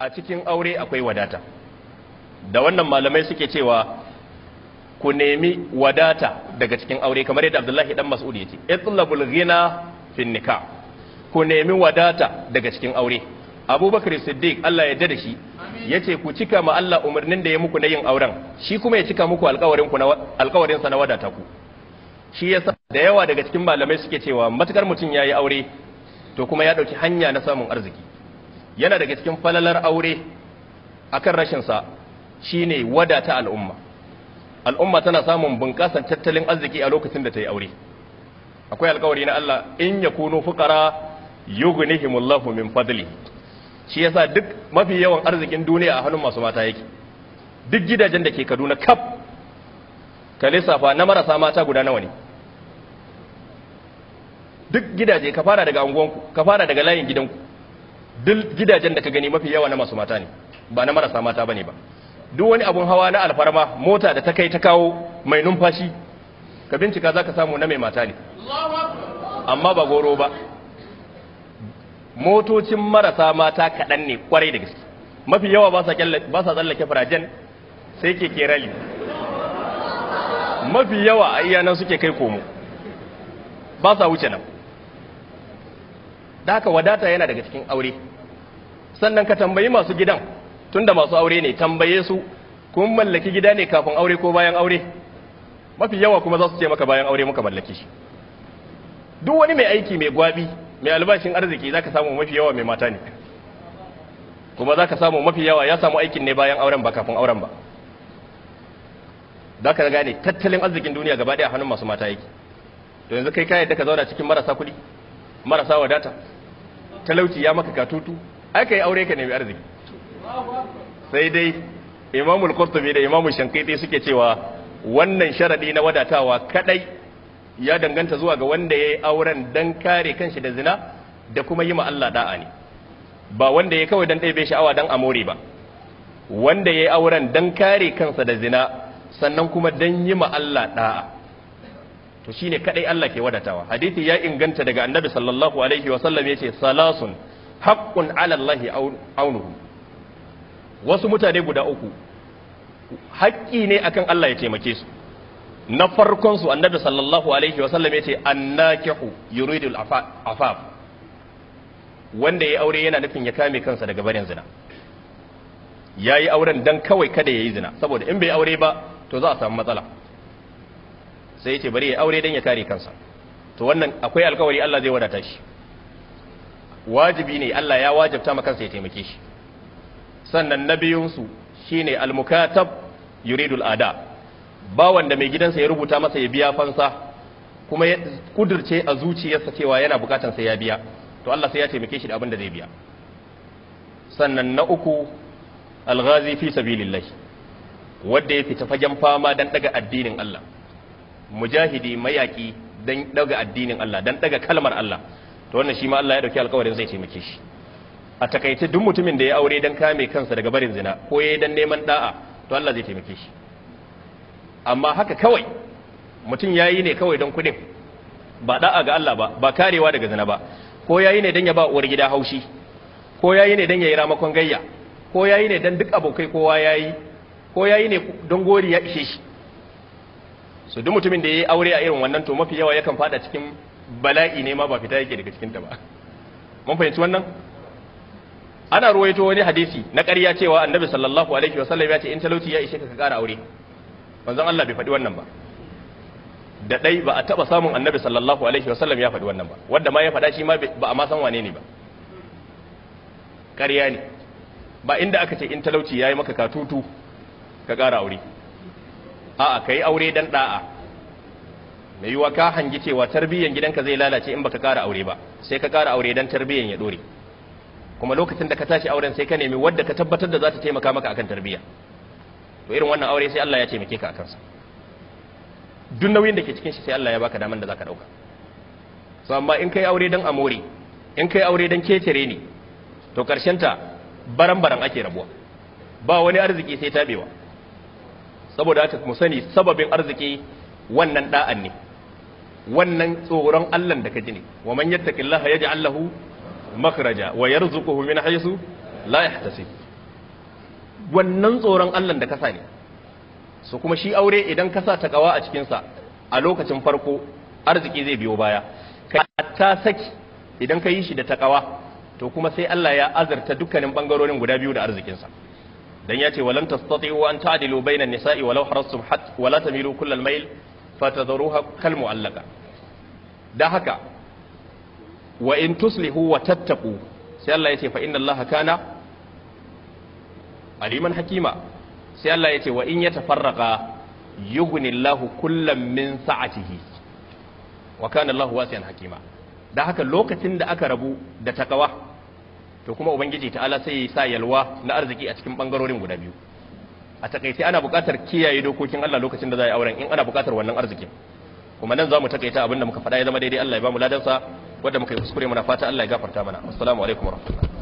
a cikin aure akwai wadata da wannan malamai suke cewa ku nemi wadata daga cikin aure kamar yadda Abdullahi dan Mas'ud ce. itlabul ghina fin nikah ku nemi wadata daga cikin aure Abubakar Siddiq Allah ya da shi ya ce ku cika ma Allah umarnin da ya muku na yin auren shi kuma ya cika muku alƙawarin ku na sa na wadata ku shi yasa da yawa daga cikin malamai suke cewa matukar mutum yayi aure to kuma ya dauki hanya na samun arziki yana daga cikin falalar aure akan rashin sa shine wadata al'umma al'umma tana samun bunƙasar tattalin arziki a lokacin da ta yi aure akwai alƙawari na Allah in ya kuno fuƙara yughnihimullahu min fadli shi yasa duk mafi yawan arzikin duniya a hannun masu mata yake duk gidajen da ke Kaduna kaf ka lissafa na marasa mata guda nawa ne duk gidaje ka fara daga unguwanku ka fara daga layin gidanku duk gidajen da ka gani mafi yawa na masu mata ne ba na marasa mata bane ba duk wani abun hawa na alfarma mota da ta kai ta kawo mai numfashi ka bincika zaka samu na mai mata ne amma ba goro ba motocin marasa mata kaɗan ne kwarai da gaske mafi yawa ba sa tsallake farajen sai ke rali mafi yawa a iya suke kai komo ba sa wuce nan da haka wadata yana daga cikin aure sannan ka tambayi masu gidan tunda masu aure ne tambaye su kun mallaki gida ne kafin aure ko bayan aure mafi yawa kuma za su ce maka bayan aure muka mallaki shi duk wani mai aiki mai gwabi mai albashin arziki za ka samu mafi yawa mai mata ne kuma za ka samu mafi yawa ya samu aikin ne bayan auren ba kafin auren ba za ka gane tattalin arzikin duniya gaba ɗaya hannun masu mata yake to yanzu kai kayan da ka zauna cikin marasa kuɗi marasa wadata talauci ya maka katutu ai yi aure ka nemi arziki sai dai imamul qurtubi da imamul shankaiti suke cewa wannan sharadi na wadatawa kadai ya danganta zuwa ga wanda yayi auren dan kare kanshi da zina da kuma yi ma Allah da'a ne ba wanda yayi kawai dan ɗebe sha'awa dan amore ba wanda yayi auren dan kare kansa da zina sannan kuma dan yi ma Allah da'a to shine kadai Allah ke wadatawa hadisi ya inganta daga annabi sallallahu alaihi wa sallam yace salasun haqqun ala Allah aunuhu wasu mutane guda uku haƙƙi ne akan Allah ya taimake su na farkon su annabi sallallahu alaihi wa sallam yace annakihu yuridul afaf wanda ya aure yana nufin ya kame kansa daga barin zina yayi auren dan kawai kada yayi zina saboda in bai aure ba to za a samu matsala sai ya ce bari ya aure dan ya kare kansa to wannan akwai alkawari Allah zai wadata shi wajibi ne Allah ya wajabta maka kansa ya taimake shi sannan na biyunsu shine almukatab yuridul ada ba wanda mai gidansa ya rubuta masa ya biya fansa kuma ya kudurce a zuciyarsa cewa yana bukatan sai ya biya to Allah sai ya taimake shi da abin da zai biya sannan na uku alghazi fi sabilillah wanda ya fita fagen fama dan daga addinin Allah mujahidi mayaki dan daga addinin Allah dan daga kalmar Allah to wannan shi ma Allah ya dauki alƙawarin zai taimake shi a takaice duk mutumin da ya aure dan kame kansa daga barin zina ko yayi dan neman da'a to Allah zai taimake shi amma haka kawai mutum yayi ne kawai don kudin ba da'a ga Allah ba ba karewa daga zina ba ko yayi ne dan ya ba uwar gida haushi ko yayi ne dan yayi ramakon gayya ko yayi ne dan duk abokai kowa yayi ko yayi ne don gori ya ishe shi Su duk mutumin da ya yi aure a irin wannan to mafi yawa yakan fada cikin bala'i ne ma ba fita yake daga cikin ta ba mun fahimci wannan ana ruwaito wani hadisi na ƙarya cewa annabi sallallahu alaihi wasallam ya ce in talauci ya ishe ka ka ƙara aure manzon Allah bai faɗi wannan ba da dai ba a taɓa samun annabi sallallahu alaihi wasallam ya faɗi wannan ba wanda ma ya faɗa shi ma ba a ma san wane ne ba ƙarya ne ba inda aka ce in talauci ya yi maka katutu ka ƙara aure a'a kai aure dan da'a mai yiwa ka hangi cewa tarbiyyan gidanka zai lalace in baka ƙara aure ba sai ka ƙara aure dan tarbiyyan ya dore kuma lokacin da ka tashi auren sai ka nemi wadda ka tabbatar da za ta taimaka maka akan tarbiyya to irin wannan aure sai Allah ya taimake ka akan sa duk nauyin da ke cikin shi sai Allah ya baka daman da zaka dauka so amma in kai aure dan amore in kai aure dan kecere ne to karshen ta baran baran ake rabuwa ba wani arziki sai tabewa saboda haka mu sani sababin arziki wannan da'an ne wannan tsoron Allah da kaji ne wa man yattaqillaha yaj'al lahu makhraja wa yarzuquhu min haythu la yahtasib wannan tsoron Allah da kasa ne so kuma shi aure idan kasa ta kawa a cikin sa a lokacin farko arziki zai biyo baya ka ta saki idan ka yi shi da takawa to kuma sai Allah ya azarta dukkanin bangarorin guda biyu da arzikinsa. sa dan yace walam tastati'u an ta'dilu bayna an-nisa'i walau harastum hat wala tamilu kullal mayl fatadharuha kal mu'allaqa dan haka wa in tuslihu wa tattaqu sai Allah yace fa inna Allah kana aliman hakima sai Allah yace wa in yatafarraqa yughni Allahu kullam min sa'atihi wa kana Allahu wasi'an hakima dan haka lokacin da aka rabu da takawa to kuma ubangiji ta'ala sai sa yalwa na arziki a cikin bangarorin guda biyu a takaice ana buƙatar kiyaye dokokin Allah lokacin da za a yi auren in ana buƙatar wannan arzikin kuma nan za mu takaita abinda muka faɗa ya zama daidai Allah ya ba mu ladansa wanda muka yi kuskure muna fata Allah ya gafarta mana assalamu alaikum warahmatullahi